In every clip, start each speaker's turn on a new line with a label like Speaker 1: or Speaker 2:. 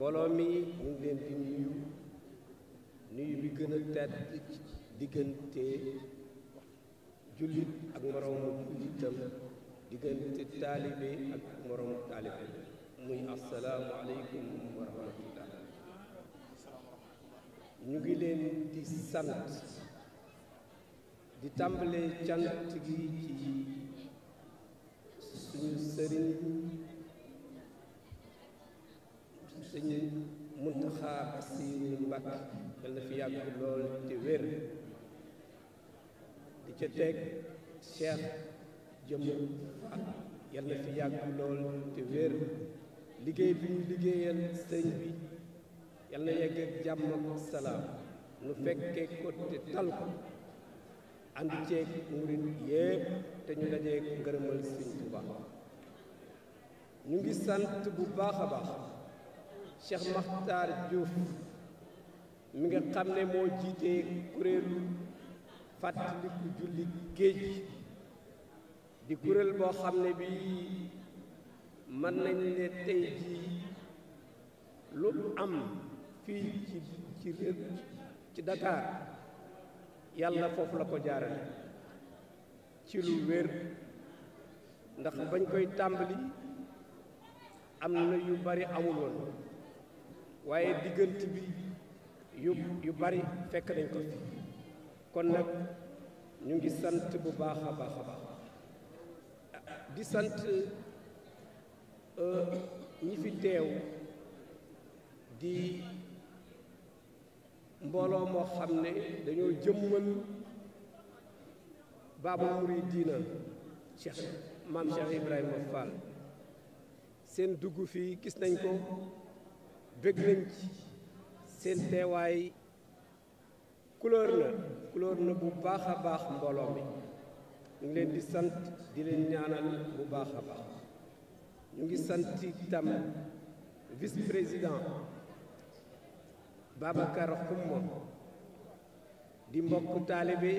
Speaker 1: mbooloo mi ñu ngi leen di nuyu nuyu bi gën a tedd diggante jullit ak moroomu jullitam diggante taalibe ak moroomu taalibe muy assalaamu aleykum wa rahmatullah
Speaker 2: ñu ngi leen di sant di tàmbalee cant gi ci
Speaker 1: suñu sëriñ sëñ Muntaxa Basiru Mbàkke yal na fi yàgg lool te wér di ca teg Cheikh jëm ak yal na fi yàgg lool te wér liggéey bi ñu liggéeyal sëñ bi yal na yegg ak jàmm ak salaam nu fekkee ko te tal ko ànd ceeg murit yépp te ñu dajee ngërëmal sëñ sant bu baax a baax Cheikh Makhtar Diouf mi nga xam ne moo jiitee kuréelu fàttaliku julli géej di kuréel boo xam ne bi mën nañ ne tey jii lu am fii ci ci réew ci Dakar yàlla foofu la ko jaarale ci lu wér ndax bañ koy tàmbali am na yu bari amul waaye diggante bi yu yu bari fekk nañ ko kon nag ñu ngi sant bu baax a baax a baax di sant euh, ñi fi teew di mbooloo moo xam ne dañoo jëmmal baabu muridiina Cheikh maam Cheikh Ibrahima Fall seen dugg fii gis nañ ko bëgg nañ ci seen teewaay couleur na couleur na bu baax a baax mbooloo mi ñu ngi leen di sant di leen ñaanal bu baax a baax ñu ngi sant itam vice président Babacar Xumma di mbokk taalibe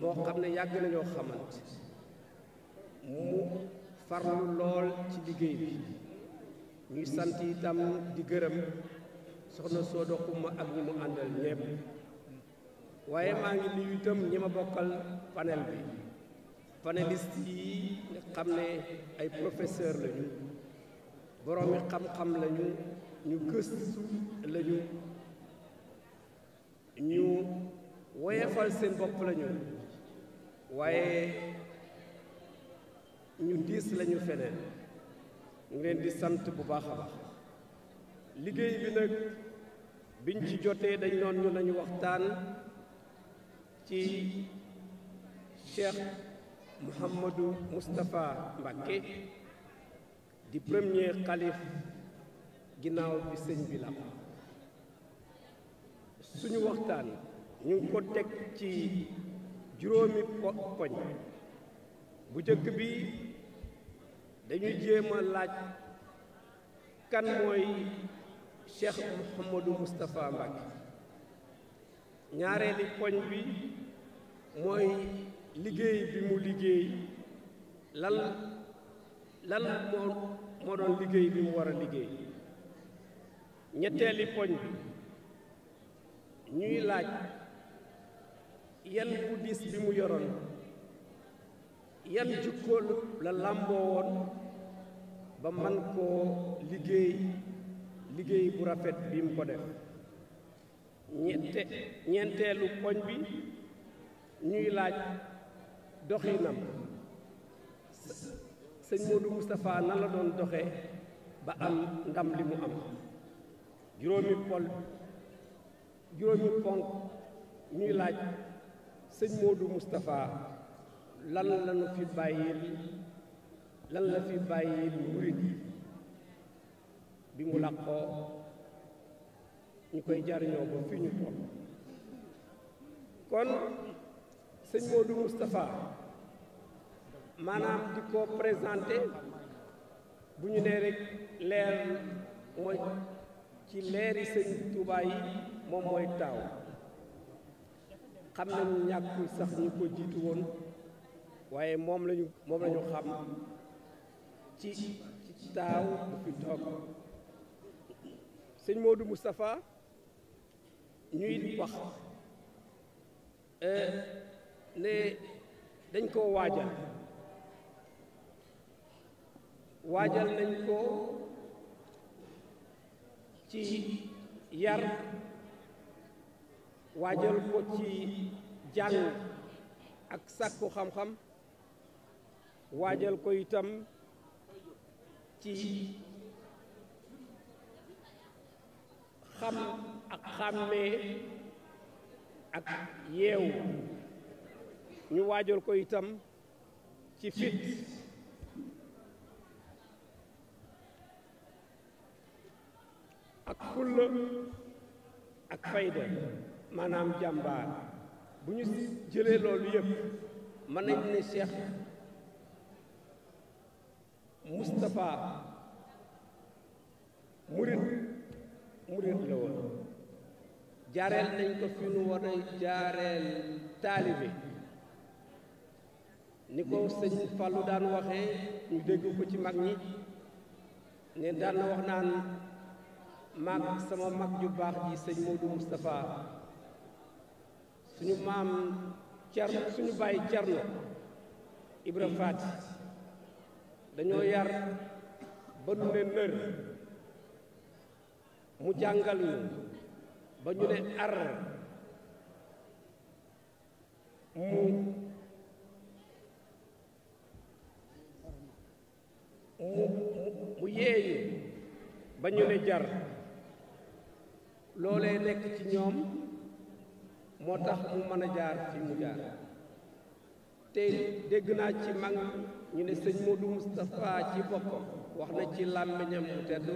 Speaker 1: boo xam ne yàgg nañoo xamante mu farlu lool ci liggéey bi ñuy sant itam di gërëm soxna Soodo Xuma ak ñi mu àndal ñépp waaye maa ngi nuyu itam ñi ma bokkal panel bi panéliste yi nga xam ne ay professeur lañu boroomi xam-xam lañu ñu gëstu lañu ñu woyefal seen bopp lañu waaye ñu diis lañu feneen ñu di sant bu baax a baax liggéey bi nag biñ ci jotee dañ noon ñu nañu waxtaan ci Cheikh Mouhamadou Moustapha Mbacké di premier xalif ginnaaw bi sëñ bi la suñu waxtaan ñu ngi ko teg ci juróomi poñ bu jëkk bi dañuy jéem laaj kan mooy Cheikh Mouhamadou Moustapha Mbacké ñaareeli poñ bi mooy liggéey bi mu liggéey lan lan moo moo doon liggéey bi mu war a liggéey ñetteeli poñ bi ñuy laaj yan bu diis bi mu yoroon yan jukkool la làmboo woon ba man koo liggéey liggéey bu rafet bi mu ko def ñette ñeenteelu koñ bi ñuy laaj doxinam sëñ Modou la doon doxe ba am ngam li mu am juróomi pol juróomi ponk ñuy laaj sëñ Modou Moustapha lan lañu lan la fi bàyyi murit yi bi mu làqoo ñu koy jariñoo ba fi ñu toll kon sëñ Modou Moustapha maanaam di ko présenté bu ñu nee rek leer mooy ci leeri sëñ Tuubaa moom mooy taaw xam nañu ñàkkul sax ñi ko jiitu woon waaye moom lañu moom lañu xam ci ci taaw bu fi toog sëñ Modou Moustapha ñuy wax eh, ne dañ koo waajal waajal nañ ko ci yar waajal ko ci jàng ak sàkku xam-xam waajal ko itam ci xam
Speaker 2: ak xàmmee
Speaker 1: ak yeewu ñu waajal ko itam ci fit ak fulla ak fayda maanaam jàmbaar bu ñu jëlee loolu yëpp mën nañ ne Cheikh Moustapha murit murit la woon jaareel nañ ko fi nu war a jaareel taalibe ni ko sëñ Fallou daan waxee ñu dégg ko ci mag ñi ne daan na wax naan maag sama mag ju baax ji sëñ Modou Moustapha suñu maam Cerno suñu bàyyi Cerno Ibra Faati dañoo yar ba nu ne nër mu jàngal ñu ba ñu ne ar mu mu mu ba ñu ne jar loolee nekk ci ñoom moo tax mu mën a jaar fi te dégg naa ci mag ñu ne sëñ Modou Moustapha ci boppam wax na ci làmmiñam bu tedd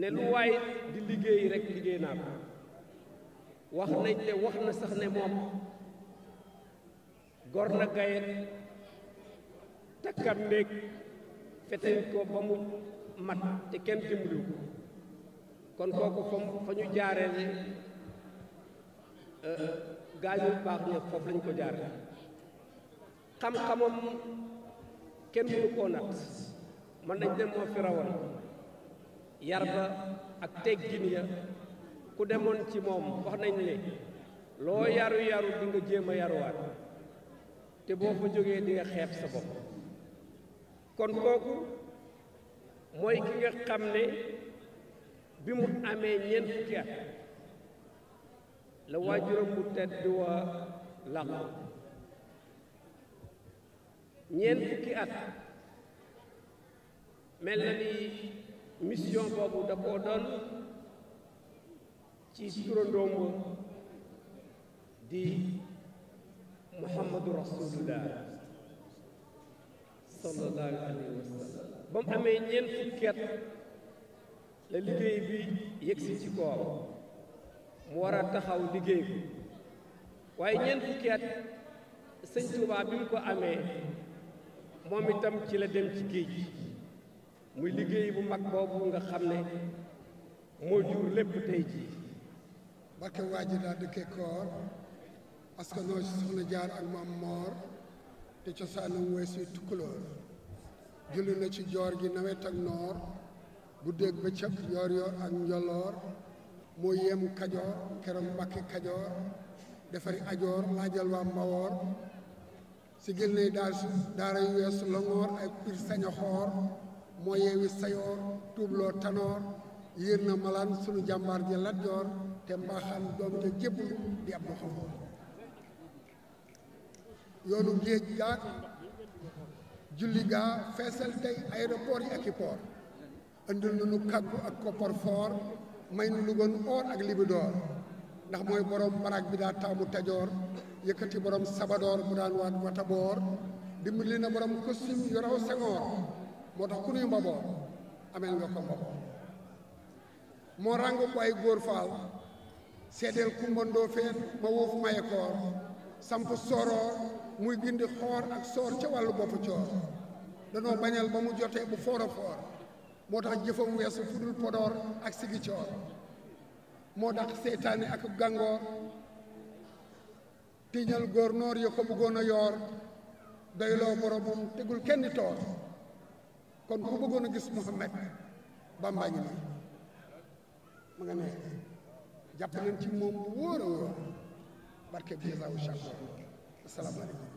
Speaker 1: ne lu waay di liggéey rek liggéey naa ko wax nañ te wax na sax ne moom gor na gayet takkam néeg
Speaker 3: feteñ ko ba mu
Speaker 1: mat te kenn dimbaliw ko kon kooku fa ñu jaare ne euh, gaañu baax ña foofu lañ ko jaaree xam-xamam kenn mënu koo nat mën nañ dem moo fi yar ba ak teggin ya ku demoon ci moom wax nañ ne loo yaru yaru di nga jéem a yaruwaat te boo fa jógee di nga xeeb sa bopp kon kooku mooy ki nga xam ne bi mu amee ñeent fukki at la waajuram bu tedd wa làqu ñeent fukki at mel na ni mission boobu da koo doon ci turandoom di muhammadu rasulullah sallallahu alayhi wa ba mu amee ñeent fukki at la liggéey bi yëgsi ci koow mu war a taxaw liggéey ko waaye ñeent fukki at sëñ Tuubaa bi mu ko amee moom itam ci la dem ci géej gi muy liggéey bu mag boobu nga xam ne moo jur lépp tey
Speaker 3: jii barke waa ji daal dëkke koor askanoo ci soxna jaar ak maam moor te cosaanam weesu tukkulóor julli na ci joor gi nawet ak noor guddeeg bëccëg yoor yoor ak njoloor moo yem kajoor keroog mbàkke kajoor defari ajoor laajal waa mbawoor sigil nay daal daara yu weesu longoor ak piir saña xoor moo yeewi sayoor tuubloo tanoor yéer na malaan sunu jàmbaar ja Lat Joor te mbaaxaan doom ja jébul di ab doxoor yoonu géej gaag julli gaa feesal tey aéroport yi ak i port indil nu kàggu ak koppar foor may nu lugoon or ak libidoor ndax mooy borom maraag bi daa taamu tajoor yëkkati borom sabadoor bu daan waat wataboor dimbali na borom costume yu raw sengoor moo tax ku nuy mbaboor ameel nga ko mbaboor moo ràng ko ay góor faal seedeel kumbandoo feen ma woofu maye koor samp soroor muy gindi xoor ak soor ca wàllu boppu coor danoo bañal ba mu jotee bu foor moo tax jëfam weesu fudul podoor ak sigi moo dàq seytaane ak gàngoor tiiñal góor noor ya ko bëggoon a yoor doyloo boromam tegul kenn toor kon ko bëggoon a gis Muhammad Bamba ngi nii ma nañ ci moom bu wóor a wóor barke bi jazaaw shakor asalaamaaleykum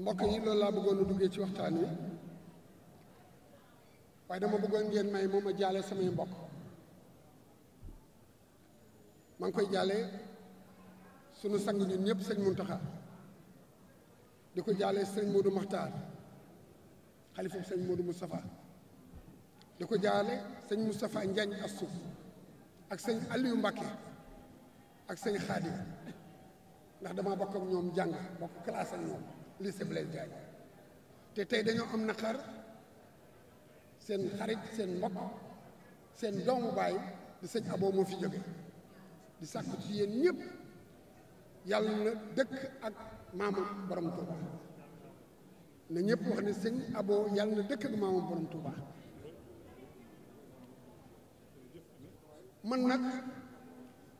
Speaker 3: mbokk yi loolu laa bëggoon a duggee ci waxtaan wi waaye dama bëggoon ngeen may moom a jaale samay mbokk maa koy jaale sunu sang ñun ñëpp sëñ Muntaxa di ko jaale sëñ Moodu Maxtaar xalifa sëñ di ko jaale sëñ Moustapha Njaañ Assu ak sëñ Aliou Mbàkke ak sëñ Xaadim ndax dama bokk ñoom jàng bokk classe ak ñoom lycée Blaise te tey dañoo am naqar seen xarit seen mbokk seen doomu baay di sëñ aboo moo fi jóge di sàkku ci yéen ñëpp yàlla na dëkk ak maamam borom Touba na ñëpp wax ne sëñ aboo yàlla na man nag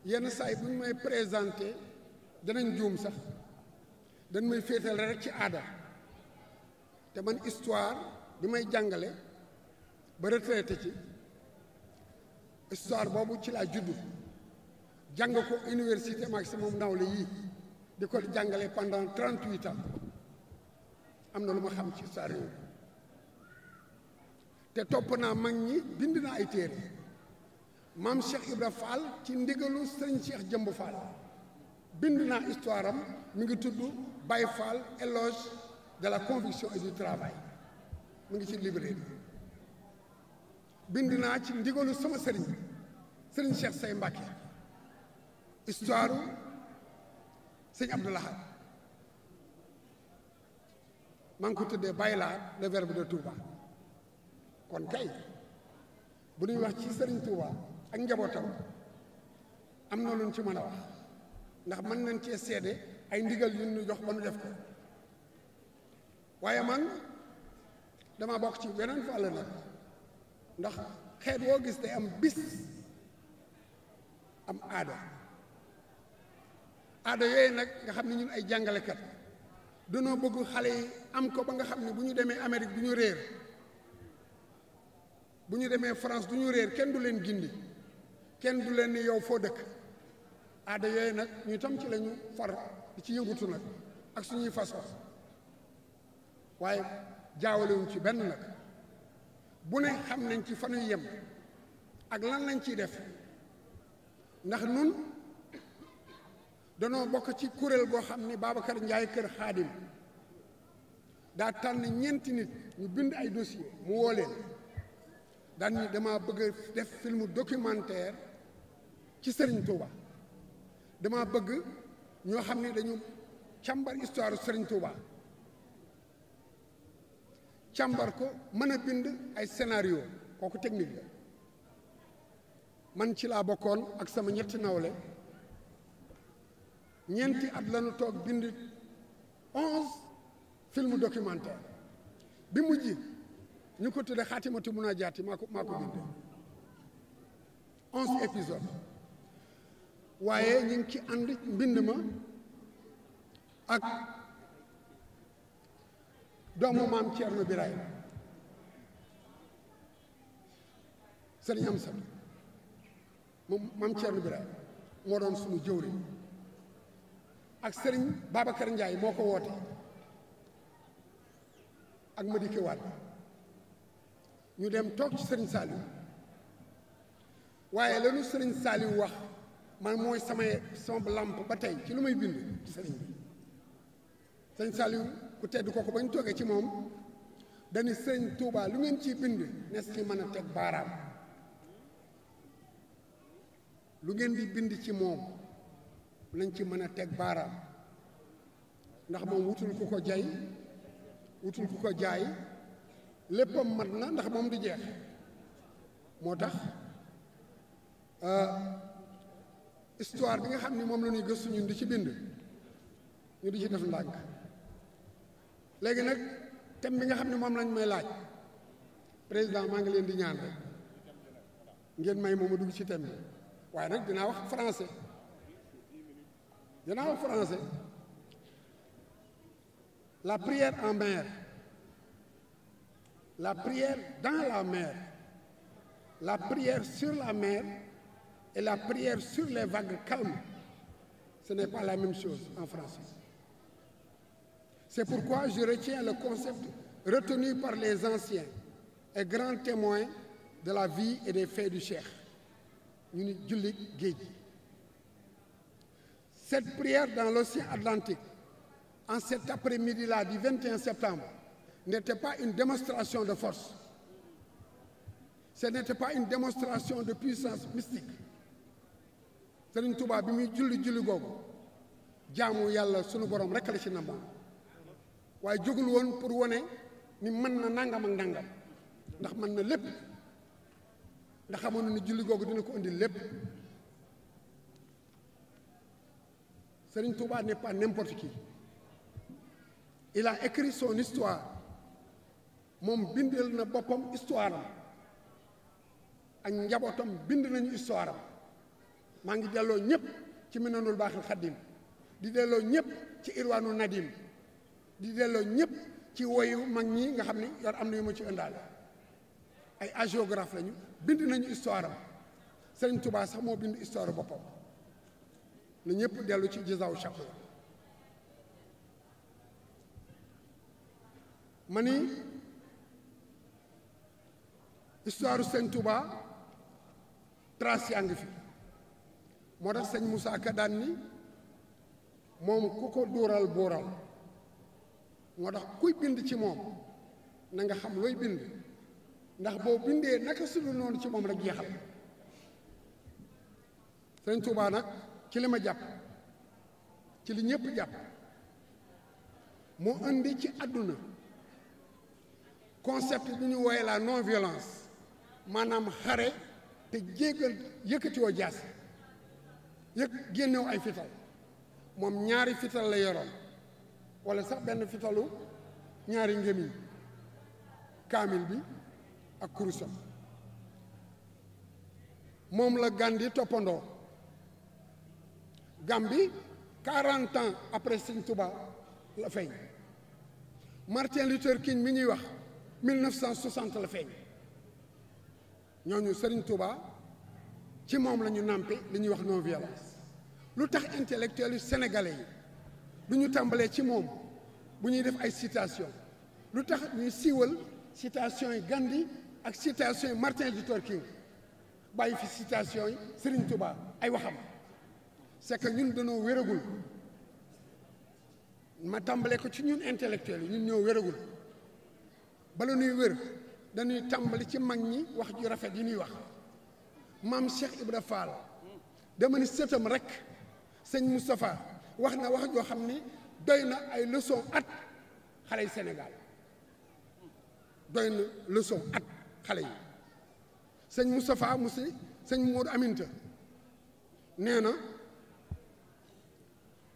Speaker 3: yenn saay bu ñu may présenté danañ juum sax dañ may féetal rek ci aada te man histoire bi may jàngale ba retraité ci histoire boobu ci laa juddu jàng ko université maximum nawle yii di ko jàngale pendant trent huit ans am na lu ma xam ci histoire te topp naa mag ñi bind naa ay téere maam Cheikh Ibra Fall ci ndigalu sëñ Cheikh Jëmb Fall bind naa histoire am ngi tudd Baye éloge de la conviction et du travail mu ngi ci librairie bind naa ci ndigalu sama sëriñ sëriñ Cheikh Say Mbacke histoire sëñ Abdou Lahad maa ngi ko tëddee bàyyi Lahad le Verbe de Touba kon kay bu ñuy wax ci sëriñ Touba ak njabootam am na lu ci mën a wax ndax man nañ cee seede ay ndigal yu ñu jox ba nu def ko waaye man dama bokk ci beneen fàll nag ndax xeet woo gis day am bis am aada aada yooyu nag nga xam ne ñun ay jàngalekat danoo bëgg xale yi am ko ba nga xam ne bu ñu demee Amérique du ñu réer bu ñu demee France du ñu réer kenn du leen gindi kenn du leen ni yow foo dëkk aada yooyu nag ñu tam ci lañu far di ci yëngutu nag ak suñuy façon waaye jaawalewuñ ci benn nag bu ne xam nañ ci fanuy yem ak lan lañ ciy def ndax nun danoo bokk ci kuréel goo xam ne Babacar Njaay kër xaadim daa tànn ñeenti nit ñu bind ay dossier mu woo leen daan ni dama bëgg def film documentaire ci sëriñ Touba damaa bëgg ñoo xam ne dañu càmbar histoire sëriñ Touba càmbar ko mën a bind ay scénario kooku technique la man ci laa bokkoon ak sama ñetti nawle ñeenti at lañu toog bind onze film documentaire bi mujj ñu ko tudde xaatimatu munaajaati maa ko maa ko bind onze épisode waaye ñu ngi ci mbind ma ak doomu maam Thierno Biraye sëriñ am sat moom maam Thierno Biraye moo doon suñu jëwriñ ak sëriñ Babacar Ndiaye moo ko woote ak ma dikki waat ñu dem toog ci sëriñ Saliou waaye lanu sëriñ Saliou wax man mooy samay somb lamp ba tey ci lu may bind sëriñ bi sëriñ Saliou ku tedd kooku ba ñu toogee ci moom dañu sëñ Touba lu ngeen ci bind nes ci mën a teg baaraam lu ngeen di bind ci moom lañ ci mën a teg baaraam ndax moom wutul ku ko jay wutul ku ko jaay léppam mat na ndax moom di jeex moo tax euh, histoire bi nga xam ni moom lañuy ñuy gëstu ñun di ci bind ñu di ci def ndànk léegi nag thème bi nga xam ne moom lañ may laaj président maa ngi leen di ñaan rek ngeen may moom a dugg ci thème waaye nag dinaa wax français dinaa wax français la prière en mer la prière dans la mer la prière sur la mer et la prière sur les vagues calmes ce n'est pas la même chose en français C'est pourquoi je retiens le concept retenu par les anciens et grands témoins de la vie et des faits du Cheikh ñu ni jullit géej gi cette prière dans l'océan Atlantique en cet après-midi-là du 21 septembre n'était pas une démonstration de force ce n'était pas une démonstration de puissance mystique Serigne Touba bi muy julli julli googu jaamu yàlla sunu borom rekk la ci nambaam waaye jógul woon pour wane ni mën na nangam ak nangam ndax man na lépp ndax xamoon ni julli googu dina ko indi lépp Serigne Touba n'est pas n'importe qui il a écrit moom bindeel na boppam histoire ak njabootam bind nañu histoire maa ngi delloo ñëpp ci Minanul Baaxil Xaddim di delloo ñëpp ci Irwaanu Nadim di delloo ñëpp ci woyu mag ñi nga xam ne yor am na yu ma ci ëndaale ay hagiographe lañu bind nañu histoire am Sëriñ Tuubaa sax moo bind histoire boppam na ñëpp dellu ci jazaaw shakur ma ni histoire Sëriñ Tuubaa trace yaa ngi fi moo tax sëñ Moussa daan ni moom ku ko duural buural moo tax kuy bind ci moom nanga xam looy bind ndax boo bindee naka sudul noonu ci moom rek jeexal sëñ nag ci li jàpp ci li ñëpp jàpp moo indi ci àdduna concept bu ñu wooye la non violence maanaam xare te jéggal yëkkatiwoo jaas yëg génnew ay fital moom ñaari fital la yoroon wala sax benn fitalu ñaari ngémiñ kaamil bi ak kurusam moom la Gandhi toppandoo Gandhi 40 ans après Sëñ Tuba la feeñ Martin Luther King mi ñuy wax 1960 la feeñ ñooñu Sëriñ Tuba ci moom la ñu nàmpe li ñuy wax non violence lu tax intellectuel yu sénégalais yi du ñu tàmbalee ci moom bu ñuy def ay citation lu tax ñuy siiwal citation yi Gandhi ak citation yi Martin Luther King bàyyi fi citation yi Serigne Touba ay waxam c'est ñun dañoo wéragul ma tàmbalee ko ci ñun intellectuels yi ñun ñoo wéragul bala nuy wér dañuy tàmbali ci mag ñi wax ju rafet yi ñuy wax maam Cheikh Ibra Fall dama ni sëtam rek sëñ Moustapha wax na wax joo xam ni doy na ay leçon at xale yi Sénégal doy na leçon at xale yi sëñ Moustapha Moussi sëñ Modou Aminta nee na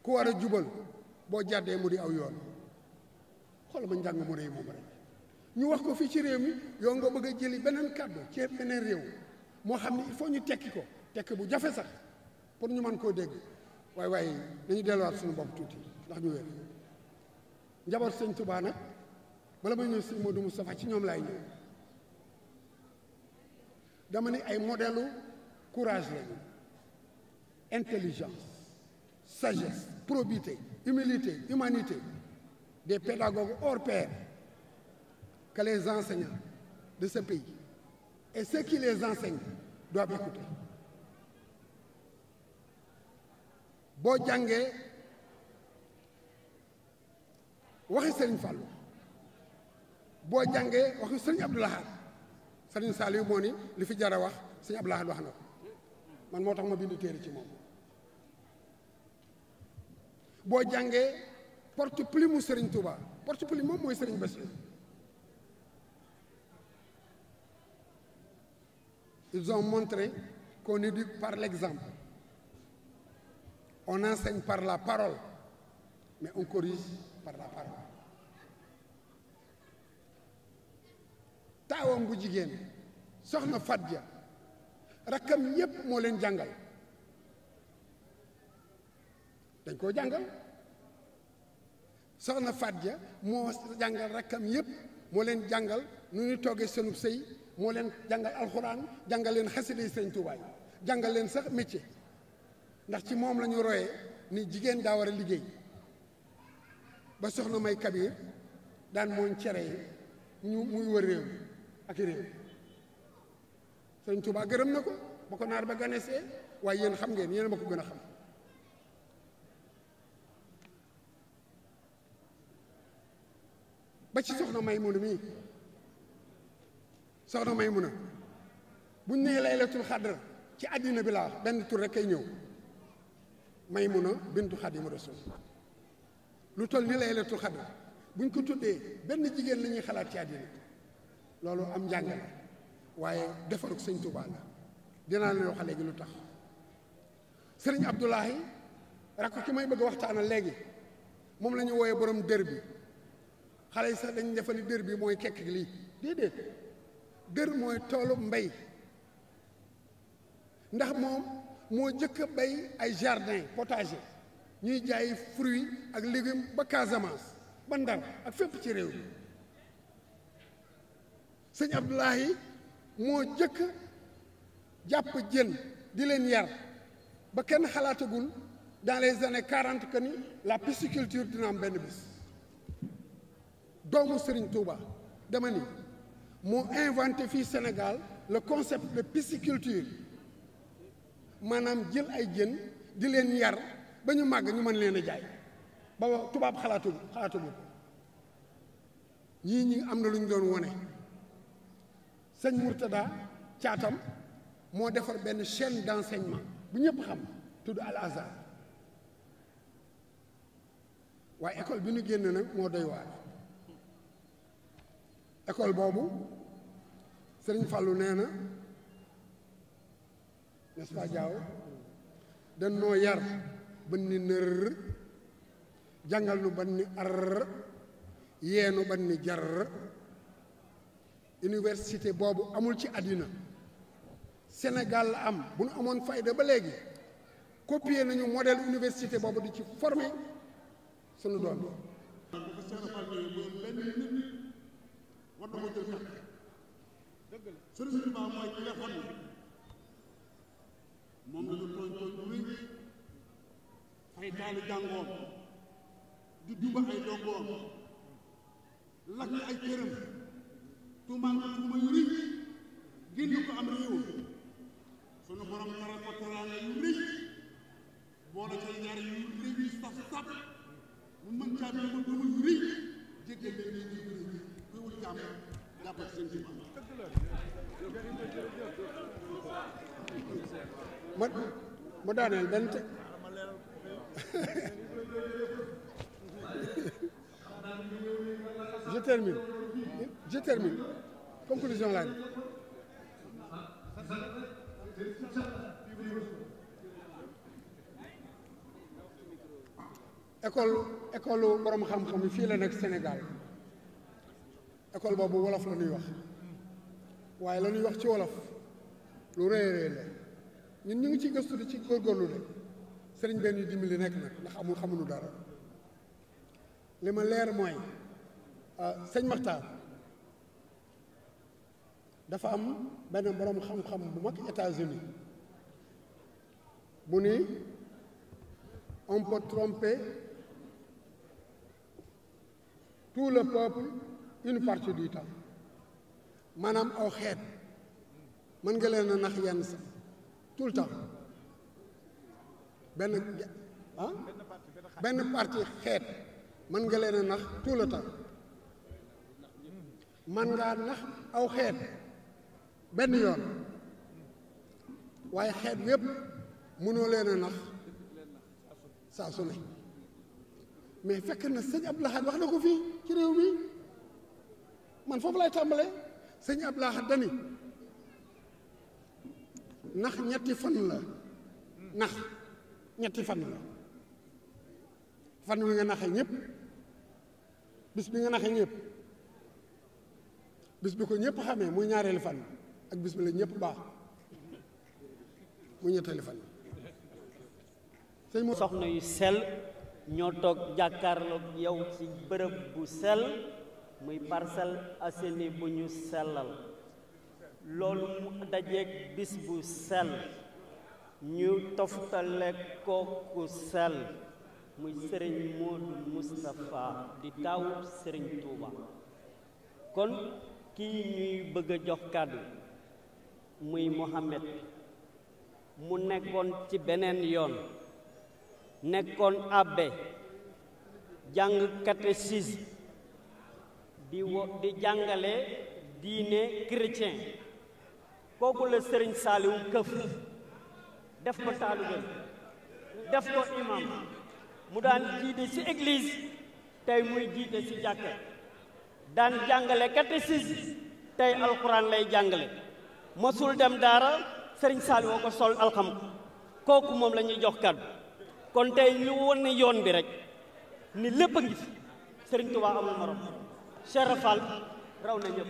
Speaker 3: ku war a jubal boo jàddee mu di aw yoon xool ma njàng mu rëy moom rek ñu wax ko fii ci réew mi yow nga bëgg a jëli beneen kàddu ci beneen réew moo xam ne il ñu tekki ko tekk bu jafe sax pour ñu mën koo dégg waaye waaye dañuy delluwaat suñu bopp tuuti ndax ñu wér njaboot sëñ Tuubaa nag bala may ñëw sëñ Modou Moustapha ci ñoom laay ñëw dama ni ay modèlu courage lañu intelligence sagesse probité humilité humanité des pédagogues hors pair que les enseignants de ce pays et ceux qui les enseignent doivent écouter boo jàngee waxi sëriñ Fallou boo jàngee waxi Serigne Abdou Lahad Serigne Saliou moo ni li fi jara wax Serigne Abdou Lahad wax na ko man moo tax ma bind téere ci moom boo jàngee porte mu Serigne Touba porte plume moom mooy Serigne Bassirou ils ont montré qu'on éduque par l'exemple On enseigne par la parole, mais on corrige par la parole. taawam bu jigéen soxna Fadia rakkam yépp moo leen jàngal dañ koo jàngal soxna Fadia moo jàngal rakkam yépp moo leen jàngal nu ñu toogee seenub sëy moo leen jàngal alxuraan jàngal leen xasida yi Sëñ jàngal leen sax métier ndax ci moom la ñu ni jigéen daa war a liggéey ba soxna may kabir daan mooñ cere yi ñu muy wër réew ak réew sëñ Tuubaa gërëm na ko ba ko naar ba ganesee waaye yéen xam ngeen yéen ba ko gën a xam ba ci soxna may munu mii soxna may mun a buñ nee laylatul xadr ci àddina bi laa benn tur rekk kay ñëw may Maymuna bintu Xaadimu Rasuul lu toll ni laylatul xadr buñ ko tuddee benn jigéen la ñuy xalaat ci àddina loolu am njàng la waaye defarug sëñ Tuubaa la dinaa la wax léegi lu tax sëriñ Abdoulahi rakk ki may bëgg waxtaanal léegi moom lañu ñu wooyee borom dër bi xale yi sax dañ defa ni dër bi mooy kekk lii déedéet dër mooy toolu mbay ndax moom moo njëkk a bay ay jardin potager ñuy jaay fruits ak légumes ba Casamance ba Ndar ak fépp ci réew mi sëñ Abdoulahi moo njëkk jàpp jën di leen yar ba kenn xalaatagul dans les années quarante que ni la pisciculture dina am benn bis doomu Serigne Touba dama ni moo inventé fii Sénégal le concept de pisciculture maanaam jël ay jën di leen yar ba ñu màgg ñu mën leen a jaay ba tubaab xalaatu xalaatu ko ñii ñi am na lu ñu doon wone sëñ Murtada caatam moo defar benn chaîne d'enseignement bu ñépp xam tudd Al waaye école bi ñu génne nag moo doy waar école boobu sëriñ Fallou nee na n'est-ce pas jaaw dañ noo yar ban ni nër jàngal nu ban ni ar yeenu ban ni jar université boobu amul ci àddina Sénégal la am bu nu amoon fayda ba léegi copier nañu modèle université boobu di ci former sunu doom moom la ñu tooñ tooñ bu rëy ay taali jàngoom di dumba ay dongoom lakk ay këram tuumaan ko tuuma yu rëy génn ko am réew sunu borom taral ko teraanga yu rëy boole ca ñaar yu rëy saf saf mu mën caa duma duma yu rëy jéggal leen ñi ñuy rëy kuy wut jàmm jàppal seen ci ma ma daaneel benn te
Speaker 2: je termine je termine conclusion laa
Speaker 3: école école borom xam-xam yi fii la nekk Sénégal école boobu wolof la ñuy wax waaye la wax ci wolof lu rëy a la ñun ñu ngi ci gëstu di ci góorgóorlu de sëriñ benn yu dimbali nekk nag ndax amul xamulu dara li ma leer mooy ah, sëñ Maxtaar dafa am benn borom xam-xam bu mag États-Unis mu ni on peut tromper tout le peuple une partie du itam maanaam aw xeet mën nga leen a nax yenn sax tout le temps benn ah? benn parti xeet mën nga leen a nax tout le temps man ngaa nax aw xeet benn yoon waaye xeet yépp mënoo leen a nax saa su ne mais fekk na sëñ Abdou Lahad wax na ko fii ci réew mi man foofu lay tàmbalee sëñ Abdou Lahad dani ndax ñetti fan la ndax ñetti fan la fan wi nga naxe ñëpp bis bi nga naxe ñëpp bis bi ko ñépp xamee muy ñaareelu fan ak bis bi la ñëpp baax muy ñetteelu fan sëñ mu soxna yu
Speaker 2: sel ñoo toog jàkkaarloog yow ci bërëb bu sel muy Parcelles Assainies bu ñu sellal loolu mu dajeeg bis bu sell ñu toftale kooku muy sëriñ Moodu Moustapha di taawu sëriñ Touba kon kii ñuy bëgg a jox kàddu muy Mohamed mu nekkoon ci beneen yoon nekkoon abbé jàng catéchisme di wo di jàngale diine chrétien kooku la sëriñ saaliwu këf def ko taalibe def ko imam mu daan jiite ci église tey muy jiite ci jàkka daan jàngale catéchisme tey alxuraan lay jàngale masul dem daara sëriñ saaliwu ko sol alxam kooku moom la jox kàddu kon tey ñu won ne yoon bi rek ni lépp a ngi sëriñ Tuubaa amul morom raw na ñëpp